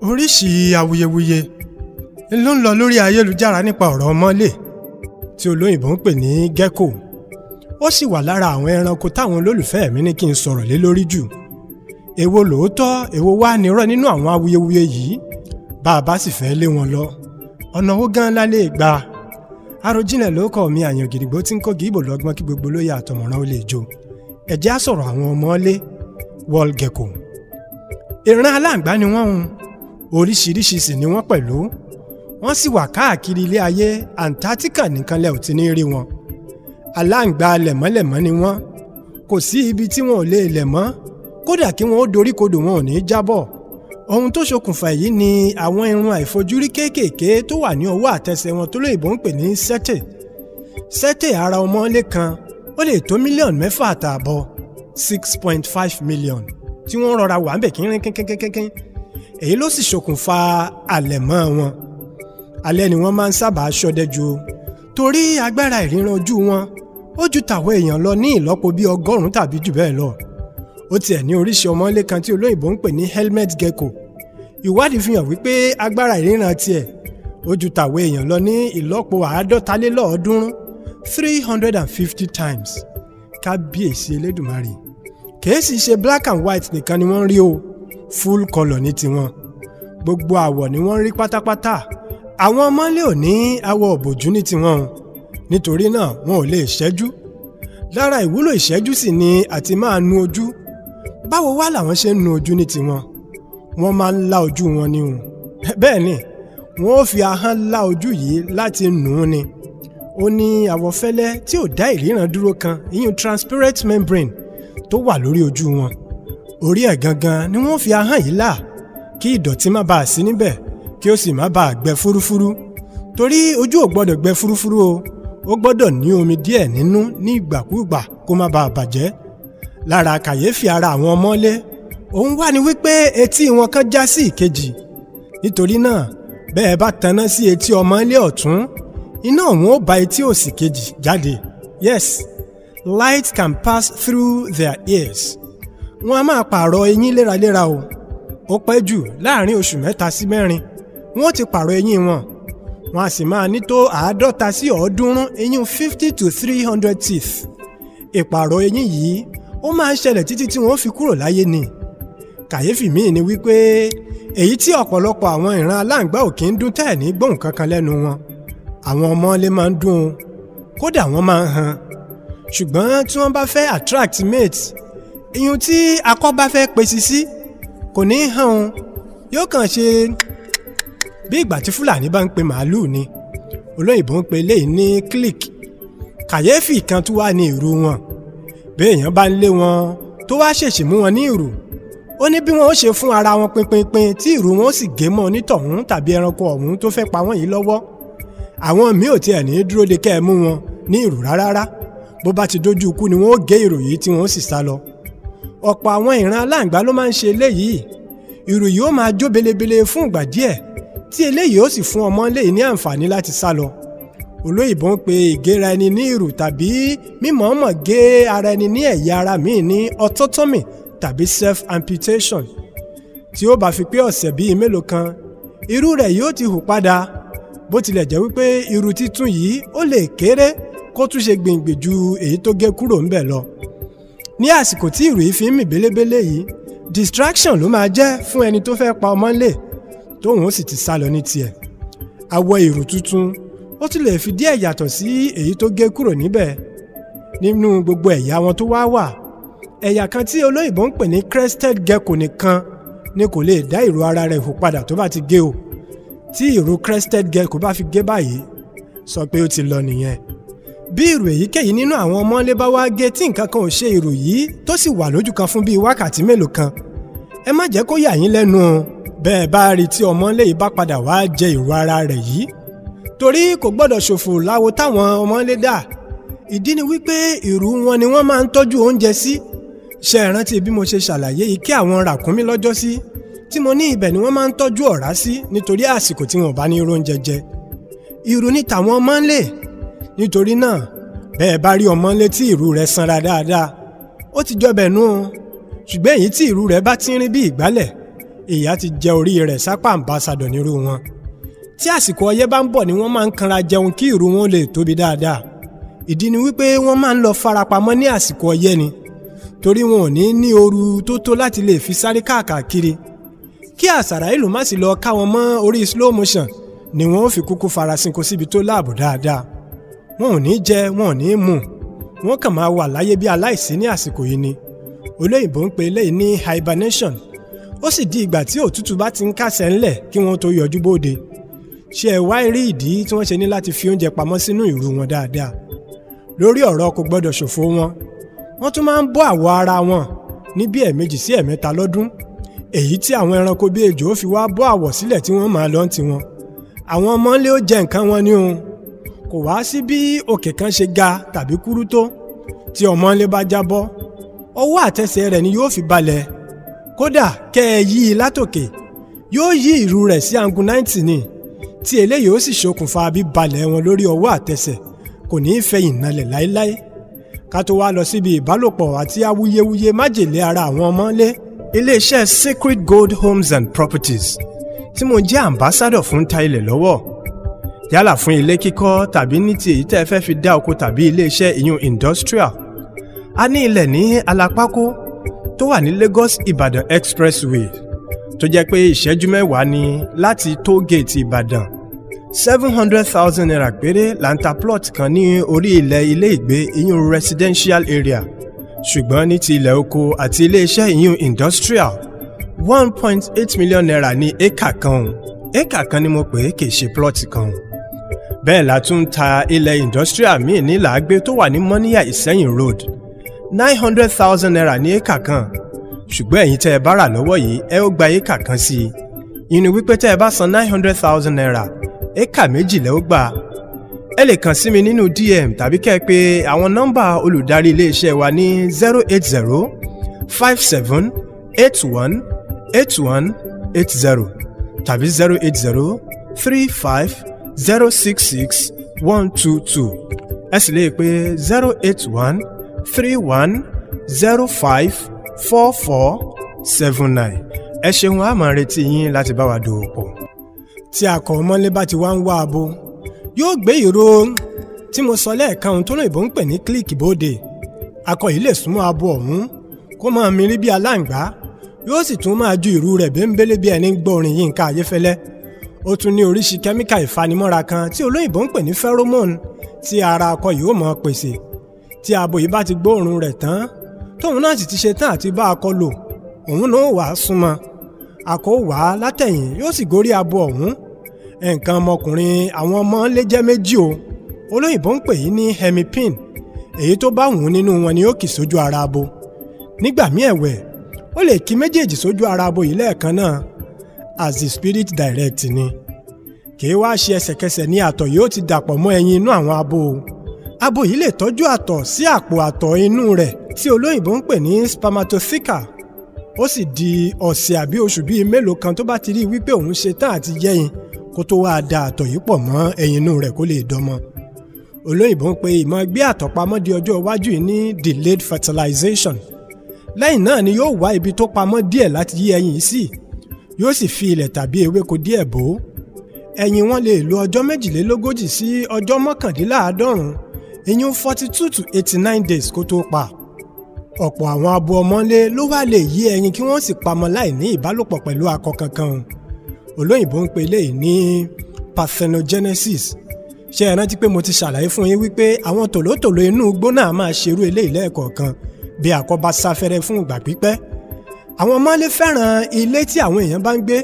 oríṣìí awuyewuye ló ń lọ lórí ayélujára nípa ọ̀rọ̀ ọmọlé tí olóyìnbó ń pè ní gecko ó sì wà lára àwọn ẹranko táwọn olólùfẹ́ mi ní kí n sọ̀rọ̀ lé lórí jù èwo lòótọ́ èwo wá nírọ́ nínú àwọn awuyewuye yìí bá a bá sì fẹ́ lé wọn lọ ọ̀nà wo gan la lè gbà Àròjinlẹ̀ ló kọ́ mi àyàn gidigbo tí ń kó gíbò lọ́gbọ́n kí gbogbo lóye àtọmọ̀ràn ó lè jó ẹ̀jẹ̀ á sọ̀rọ̀ àwọn ọmọlé wall gecko ìran aláǹgbá ni wọ́n hun oríṣiríṣi sì ni wọ́n pẹ̀lú wọ́n sì wà káàkiri ilé ayé Antarctica nìkan lẹ ò ti ní rí wọn aláǹgbá lẹ̀mọ́lẹ̀mọ́ ni wọ́n kò sí ibi tí wọn ò lè lẹ̀ mọ́ kódà kí wọn ó doríkodò wọn ò ní jábọ̀ ohun tó ṣokùnfà èyí ni àwọn irun àìfojúrí kéékèèké tó wà ní ọwọ́ àtẹsẹ̀ wọn tó lóyìnbó ń pè ní sẹ́tẹ̀ sẹ́tẹ̀ ara ọmọlé kan ó lè tó mílíọ̀nù mẹ́fà àtààbọ̀ six point five million tí wọ́n rọra wà ń bẹ̀ kínrín kínkínkínkín èyí ló sì ṣokùnfà àlẹ̀mọ́ wọn alẹ́ ni wọ́n máa ń sábà ṣọdẹ ju torí agbára ìríran ojú wọn ó ju tàwọn èèyàn lọ ní ìlọ́po bíi ọgọ́rùn-ún tàbí jù bẹ́ẹ̀ lọ ó tiẹ̀ ní oríṣi ọmọlé kan tí olóyìnbó ń pè ní helmet gecko ìwádìí fi hàn wípé agbára ìríran tiẹ̀ ó ju tàwé èèyàn lọ ní ìlọ́po àádọ́talélọ́ọ̀ọ́dúnrún three hundred and fifty times kábíyèsí elédùnmarè kèésì ṣe black and white nìkan ni wọ́n rí o full colour ní tiwọn gbogbo àwọ̀ ni wọ́n rí pátápátá àwọn ọmọlé ò ní awọ òbòjú ní tiwọn o nítorí náà wọn ò lè ṣẹ́jú lára ìwúlò ìṣẹ́jú sì ni àti máa nu ojú báwo wá làwọn ṣe ń nu ojú ní tiwọn wọ́n máa ń lá ojú wọn ni o bẹ́ẹ̀ ni wọ́n ó fi ahọ́n lá ojú yìí láti nù ún ni ó ní àwọ̀ fẹ́lẹ́ tí ò dá ìríran dúró kan ìyún transparent membrane tó wà lórí ojú wọn orí ẹ̀ gangan ni wọ́n fi ahọ́n yìí là kí ìdọ̀tí má bàa sí níbẹ̀ kí ó sì má bàa gbẹ fúrúfúrú torí ojú ò gbọ́dọ̀ gbẹ fúrúfúrú o ó gbọ́dọ̀ ní omi díẹ̀ nínú ní ìgbàkúùgbà kó má bàa bàjẹ́ lára kàyéfì ara àwọn ọmọlé òun wà ní wípé etí wọn kan já sí ìkejì nítorí náà bẹ́ẹ̀ bá taná sí etí ọmọ ilé ọ̀tún iná òun ó bá etí òsì kejì jáde yes light can pass through their ears wọn a máa pààrọ̀ eyín léraléra o ó pẹ́ jù láàrin oṣù mẹ́ta sí mẹ́rin wọn ó ti pààrọ̀ eyín wọn wọn a sì máa ní tó àádọ́ta sí ọ̀ọ́dúnrún eyín fifty to three hundred teeth ìpààrọ̀ eyín yìí ó máa ń ṣẹlẹ̀ títí tí wọ́n fi kúrò láyé ni kàyéfì míì ni wípé èyí tí ọ̀pọ̀lọpọ̀ àwọn ìran aláǹgbá òkè ń dún tẹ́ẹ̀ ní gbóhùn kankan lẹ́nu wọn àwọn ọmọ lè máa ń dún kódà wọ́n máa ń han ṣùgbọ́n tí wọ́n bá fẹ́ attract mate ìyún tí akọ bá fẹ́ pèsè sí kò ní í han òun yóò kàn ṣe bí ìgbà tí fúlàní bá ń pe màálùú ni olóyìnbó ń pe eléyìí ní click kàyéfì kan tó wà ní ìrù wọn bí èèyàn bá ń lé wọn tó wá ṣèṣì mú wọn ní ìrù ó ní bí wọn ó ṣe fún ara wọn pinpinpin tí ìrù wọn ó sì gé mọ́ onítọ̀hún tàbí ẹranko ọ̀hún tó fẹ́ pa wọ́n yìí lọ́wọ́ àwọn míì ò tiẹ̀ ní dúró de kẹ́ ẹ mú wọn ní ìrù rárá bó bá ti dójú ikú ni wọn ó gé ìrù yìí tí wọn ó sì sá lọ ọ̀pọ̀ àwọn ìran aláǹgbá ló máa ń ṣe eléyìí ìrù yìí ó máa jó belebele fún ìgbà díẹ̀ tí eléyìí ó sì fún ọmọ léyìí ní àǹfààní láti sá lọ olóyìnbó ń pe ìgéra ẹni ní ìrù tàbí mímọ̀ọ́mọ̀ gé ara ẹni ní ẹ̀yà ara míì ní autotomy tàbí self amputation tí ó bá fi pé ọ̀sẹ̀ bíi mélòó kan irú rẹ̀ yóò ti hù padà bó tilẹ̀ jẹ́ wípé irú títún yìí ó lè kéré kó tún ṣe gbìngbìn ju èyí tó gé kúrò ńbẹ̀ lọ ní àsìkò tí ìrù yìí fi ń mì bélébélé yìí distraction ló máa jẹ́ fún ẹni tó fẹ́ pa ọmọ ńlẹ̀ tóun ó sì ti sá lọ ní tiẹ̀ àwọ̀ ìrù tuntun ó tún lè fi díẹ̀ yàtọ̀ sí èyí tó gé kúrò níbẹ̀ nínú gbogbo ẹ̀yà wọn tó wá wà ẹ̀yà kan tí olóyìnbó ń pè ní crested gecko nìkan ni kò lè dá ìró ara rẹ̀ hù padà tó bá ti gé o tí ìró crested gecko bá fi gé báyìí sọ pé ó ti lọ nìyẹn bí ìró èyíkéyìí nínú àwọn ọmọlé bá wá gé tí nǹkan kan ò ṣe ìró yìí tó sì wà lójú kan fún bíi wákàtí mélòó kan ẹ má jẹ́ kó yà yín lẹ́nu o bẹ́ẹ̀ bá rí tí ọmọlé yìí bá padà wá jẹ ìró ara rẹ̀ yìí torí kò gbọ́dọ̀ ṣòfò láwo táwọn ọmọlé dà ìdí ni wípé ìrú wọn ni wọ́n máa ń tọ́jú oúnjẹ sí si ṣe ìrántí bí mo ṣe ṣàlàyé yìí kí àwọn ràkúnmí lọ́jọ́ sí tí mo ní ibẹ̀ ni wọ́n máa ń tọ́jú ọ̀rá sí nítorí àsìkò tí wọn ò bá ní oúnjẹ jẹ ìrù ni tàwọn mọ́ńlé nítorí náà bẹ́ẹ̀ bá rí ọmọ ńlé tí ìrù rẹ̀ sanra dáadáa ó ti jọbẹ̀ nú o ṣùgbọ́n èyí tí ìrù rẹ̀ bá ti rin bí ìgbálẹ̀ ìyá ti jẹ orí rẹ̀ sápá àǹbáṣadọ̀ nírú wọn tí àsìkò ọyẹ́ bá ń bọ̀ ni wọ́n máa ń kanra jẹun kí ìrù wọn lè tóbi dáadáa ìdí ni wípé wọ́n máa ń lọ farapamọ́ ní àsìkò ọyẹ́ ni torí wọn ò ní ní ooru tó tó láti lè fi sáré káàkiri kí àṣàrà ìlú má sì lọ ká wọn mọ́ orí slow motion ni wọn ò fi kúkú farasin kó síbi tó láàbò dáadáa wọn ò ní jẹ wọn ò ní mu wọn kàn máa wà láyé bí aláìsí ní àsìkò yìí ni olóyìnbó ń pe eléyìí ní hibernation ó sì di ìgbà tí òtútù bá ti ń kásẹ̀ ńlẹ̀ kí wọ́n tó yọjú bóde ṣé ẹ wá rí ìdí tí wọ́n ṣe ní láti fi oúnjẹ pamọ́ sínú ìrù wọn dáadáa lórí ọ̀rọ̀ kò gbọ́dọ̀ ṣòfò wọn wọ́n tún máa ń bọ́ àwọ̀ ara wọn ní bí ẹ̀ẹ̀mejì sí ẹ̀ẹ̀mẹ́ta lọ́dún èyí tí àwọn ẹranko bí ejò fi wá bọ́ àwọ̀ sílẹ̀ tí wọ́n máa lọ tiwọn àwọn ọmọlé ó jẹ nǹkan wọn ni o kò wá sí bí òkè kan ṣe ga tàbí kúrú tó tí ọmọlé bá jábọ́ ọwọ́ àtẹsẹ̀ rẹ̀ ni yóò fi balẹ̀ kódà kẹ́ ẹ yí i látòkè yóò yí ìrù rẹ̀ sí angun náìtì ni tí eléyìí ó sì ṣokùnfà bíbalẹ̀ wọn lórí ọwọ́ àtẹsẹ̀ kò ní í fẹ̀yìn nalẹ̀ láéláé ká tó wá lọ síbi ìbálòpọ̀ àti awuyewuye májèlé ara àwọn ọmọlé iléeṣẹ́ Sacred Gold Homes and Properties tí mo jẹ́ àmbásádọ̀ fún ta ilẹ̀ lọ́wọ́ yálà fún ilé kíkọ́ tàbí ní ti èyí tẹ́ ẹ fẹ́ fi dá oko tàbí iléeṣẹ́ ìyún industrial a ní ilẹ̀ ní Alápákó tó wà ní Lagos Ìbàdàn expressway tó jẹ́ pé ìṣẹ́jú mẹ́wàá ni láti tóógèètì Ìbàdàn seven hundred thousand naira péré la ń ta plot kan ní orí ilẹ̀ ilé ìgbé ìyún residential area ṣùgbọ́n ní ti ilẹ̀ oko àti iléeṣẹ́ ìyún industrial one point eight million naira ní éka kan éka kan ni mo pè é kì í plot kan bẹ́ẹ̀ la tún ta ilẹ̀ industrial míì ní làágbé tó wà ní mọ́níyà ìsẹ́yìn road nine hundred thousand naira ní éka kan ṣùgbọ́n ẹ̀yin tẹ́ ẹ bá rà lọ́wọ́ yìí ẹ ó gba éka kan sí i ìyẹn ni wípé tẹ́ ẹ bá san nine hundred thousand naira éka méjìlẹ́ ó gbà ẹ lè kàn sí mi nínú dm tàbí kẹ́ ẹ pè àwọn nọ́mbà olùdarí iléeṣẹ́ wa ní zero eight zero five seven eight one eight one eight zero tàbí zero eight zero three five zero six six one two two ẹ sì lè pè zero eight one three one zero five four four seven nine ẹ ṣeun a máa retí yín láti bá wa dòwò pọ̀ tí akọ̀ọ́mọ́lé bá ti wá ń wá abo yóò gbé ìró tí mo sọ lẹ́ẹ̀kan ohun tó lóyìnbó ń pè ní kílíkì bóde akọ yìí lè súnmọ́ abo ọ̀hún kó máa mirí bí aláǹgbá yóò sì tún máa ju ìrú rẹ̀ bẹ́ńbélé bí ẹni ń gbọ́ orin Yínká Ayéfẹ́lẹ́ ó tún ní oríṣi kẹ́míkà ìfanimọ́ra kan tí olóyìnbó ń pè ní pheromone tí ara akọ yìí ó máa pèsè tí abo yìí bá ti gbóòórùn rẹ̀ tán tóun náà sì ti ṣe tán àti bá akọ lò òun náà wàá súnmọ́ àkó wá látẹ̀yìn yóò sì gorí abo ọ̀hún nǹkan ọmọkùnrin àwọn ọmọ lè jẹ́ méjì o olóyìnbó ń pè yí ní hemipene èyí tó bá wùn nínú wọn ni ó kì sójú ara abo nígbà míì ẹ̀wẹ̀ ó lè kì méjèèjì sójú ara abo yìí lẹ́ẹ̀kan náà as the spirit direct ni kì í wá ṣe ẹsẹ̀kẹsẹ̀ ní àtọ̀ yìí ó ti dàpọ̀ mọ́ ẹyin inú àwọn abo o abo yìí lè tọ́jú àtọ̀ sí àpò àtọ̀ inú rẹ̀ tí olóyìnbó ń pè ní spermatotheca ó sì di ọ̀sẹ̀ àbí oṣù bíi mélòó kan tó bá ti rí i wípé òun ṣe tán àti yẹ́yin kó tó wáá da àtọ̀ yìí pọ̀ mọ́ ẹyin inú rẹ̀ kó lè dọmọ. olóyìnbó ń pe ìmọ̀ gbé àtọ̀ pamọ́ di ọjọ́ iwájú yìí ní delayed fertilization lẹ́yìn náà ni yóò wá ibi tó pamọ́ díẹ̀ láti yí ẹyin yìí sí yóò sì fi ilẹ̀ tàbí ewéko díẹ̀ bò ó ẹyin wọn lè lo ọjọ́ méjìlélógójì sí ọjọ́ mọ́kàndínláàádọ́rùn-ún ìyún forty two to eighty nine days kó tó pa ọ̀pọ̀ àwọn abo ọmọlé ló wá lè yé ẹyin kí wọ́n sì pamọ́ láì ní ìbálòpọ̀ pẹ̀lú akọ kankan olóyìnbó ń pe eléyìí ní parthenogenesis ṣé ẹ rántí pé mo ti ṣàlàyé fún yín wípé àwọn tòlótòló inú igbó náà máa ṣerú eléyìí lẹ́ẹ̀kọ̀ọ̀kan bí akọ bá sáfẹ́rẹ́ fún ìgbà pípẹ́ àwọn ọmọlé fẹ́ràn ilé tí àwọn èèyàn bá ń gbé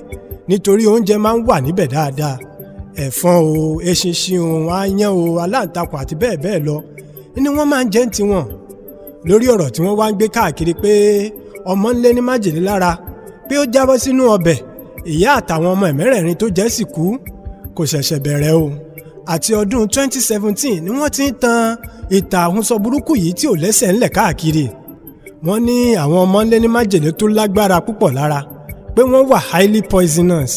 nítorí oúnjẹ máa ń wà níbẹ̀ dáadáa ẹ̀fọn o eṣinṣin o aáyán o aláǹtakùn àti bẹ́ẹ̀ bẹ́ẹ̀ lọ ni wọ́n máa ń jẹ tiwọn lórí ọ̀rọ̀ tí wọ́n wá ń gbé káàkiri pé ọmọ ń lé ní májèlé lára pé ó jábọ́ sínú ọbẹ̀ ìyá àtàwọn ọmọ ẹ̀mẹ́rẹ̀ẹ̀rin tó jẹ́ sì kú kò ṣẹ̀ṣẹ̀ bẹ̀rẹ̀ o àti ọdún 2017 ni wọ́n ti ń tan ìta àhúnsọ burúkú yìí tí ò lẹ́sẹ̀ ńlẹ̀ káàkiri wọ́n ní àwọn ọmọ ń lé ní májèlé tó lágbára púpọ̀ lára pé wọ́n wà highly poisonous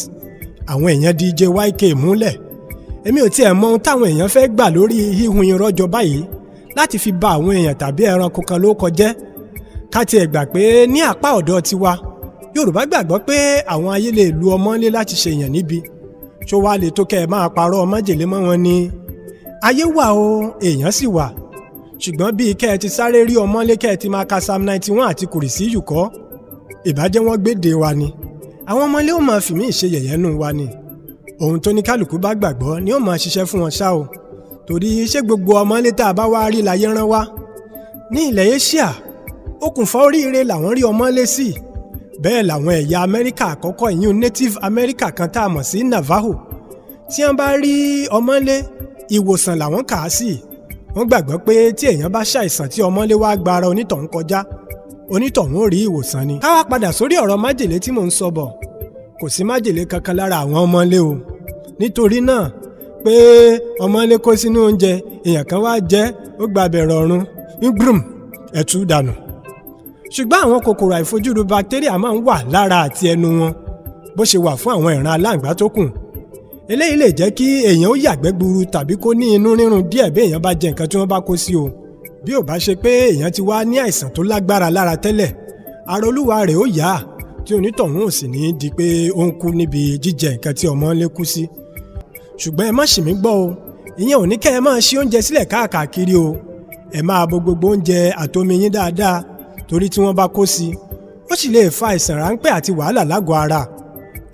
àwọn èèyàn DJ YK múlẹ̀ èmi ò tiẹ̀ mọ ohun táwọn èèyàn fẹ́ gbà lórí híhun irọ́ jọ báyìí láti fi ba àwọn èèyàn tàbí ẹranko kan ló kọjẹ́ ká tiẹ̀ gbà pé ní apá ọ̀dọ̀ tiwa Yorùbá gbàgbọ́ pé àwọn ayé lè lu ọmọ ńlé láti ṣe èèyàn níbi ṣó wàá lè tó kẹ́ ẹ máa parọ́ ọmọ jèlé mọ́ wọn ni ayé wà o èèyàn sì wà ṣùgbọ́n bíi kẹ́ ẹ ti sáré rí ọmọ ńlé kẹ́ ẹ ti máa ka Psalm ninety one àti kùrìsí yùkọ́ ìbàjẹ́ wọn gbéde wa ni àwọn ọmọ ńlé ó máa fìmí ìṣe yẹ̀yẹ́ wa ni ohun tó ní kálukú bá gbàgbọ́ ni ó máa ṣiṣẹ́ fún wọn ṣá o torí ṣé gbogbo ọmọ ilé tá a bá wá rí láyé rán wá ní ilẹ̀ Asia okùnfà oríire làwọn rí ọmọ ilé sí bẹ́ẹ̀ làwọn ẹ̀yà Amẹ́ríkà àkọ́kọ́ ìyún Native America kan tá a mọ̀ sí Navajo tí wọ́n bá rí ọmọ ilé ìwòsàn làwọn kà á sí wọ́n gbàgbọ́ pé tí èèyàn bá ṣàìsàn tí ọmọ ilé wá gba ara onítọ̀hún kọjá onítọ̀hún ò rí ìwòsàn ni. káwá padà sórí ọ̀rọ̀ májèlé tí mò ń sọ bọ̀ kò sí májèlé kankan lára àwọn ọmọ ilé o nítorí náà pé ọmọlé kó sínú oúnjẹ èèyàn kan wá jẹ ó gba abẹ̀rẹ̀ ọ̀run ngrum ẹ̀tú dànù ṣùgbọ́n àwọn kòkòrò àìfojúrí bakitéríà máa ń wà lára àti ẹnu wọn bó ṣe wà fún àwọn ìran aláǹgbá tó kù eléyìí lè jẹ́ kí èèyàn ó yàgbẹ́ gburu tàbí kó ní inú rírun díẹ̀ bí èèyàn bá jẹ nǹkan tí wọ́n bá kó sí o bí ò bá ṣe pé èèyàn ti wá ní àìsàn tó lágbára lára tẹ́lẹ̀ ara rẹ̀ ó yá tí onítọ̀hún ò sì ní di pé ó ń kú níbi jíjẹ nǹkan tí ọmọ ń lékú sí. Si ṣùgbọ́n ẹ má ṣì mí gbọ́ o ìyẹn ò ní kẹ́ ẹ máa ṣí oúnjẹ sílẹ̀ káàkiri o ẹ máa bo gbogbo oúnjẹ àtomi yín dáadáa torí tí wọ́n bá kó sí i ó sì lè fa àìsàn ráńpẹ́ àti wàhálà lágọ̀ọ́ ara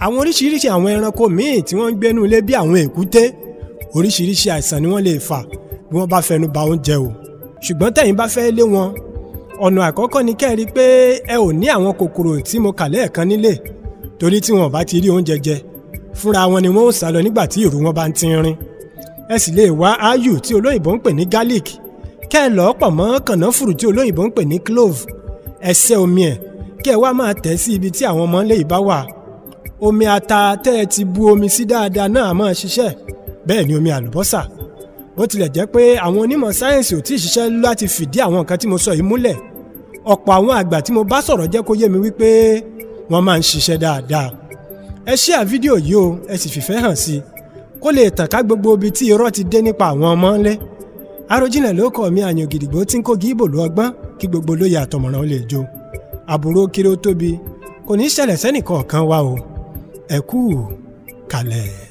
àwọn oríṣiríṣi àwọn ẹranko míì tí wọ́n ń gbénú ilé bí àwọn èkúté oríṣiríṣi àìsàn ni wọ́n lè fà bí wọ́n bá fẹnu ba oúnjẹ o ṣùgbọ́n tẹ̀yin bá fẹ́ lé wọn ọ̀nà àkọ́kọ́ ni kẹ́ ẹ rí i pé ẹ ò ní àwọn kòkòrò tí mo kà lẹ́ẹ̀kan nílé torí tí wọn ò bá ti rí oúnjẹ jẹ fúnra wọn ni wọn ò sá lọ nígbà tí ìrù wọn bá ń tínrín ẹ sì lè wá áyù tí olóyìnbó ń pè ní garlic kẹ́ ẹ lọ́ọ́ pọ̀ mọ́ kànáfùrù tí olóyìnbó ń pè ní clove ẹsẹ̀ omi ẹ̀ kí ẹ wá máa tẹ̀ sí ibi tí àwọn ọmọ lè bá wà omi ata tẹ́ ẹ ti bu omi sí dáadáa náà máa ṣiṣẹ́ bẹ́ẹ̀ ni omi àlùbọ́sà bó tilẹ̀ jẹ́ pé àwọn onímọ̀ sáyẹ̀nsì ò tí ì ṣiṣẹ́ láti fìdí àwọn nǹkan tí mo sọ yìí múlẹ̀ ọ̀pọ̀ àwọn àgbà tí mo bá sọ̀rọ̀ jẹ́ kó yé mi wípé wọ́n máa ń ṣiṣẹ́ dáadáa ẹ ṣíà fídíò yìí o ẹ sì fìfẹ́ hàn sí i kó lè tàn ká gbogbo ibi tí irọ́ ti dé nípa àwọn ọmọ ńlẹ́ Àròjinlẹ̀ ló kọ̀ mí àyàn gidigbo tí ń kó gíbò lọ ọgbọ́n kí gbogbo lóye àtọmọ̀ràn ó lè jó àbúrò kiri ó tóbi kò ní ṣẹlẹ̀ sẹ́nìkan ọ̀kan wa o ẹ kú kàlẹ̀.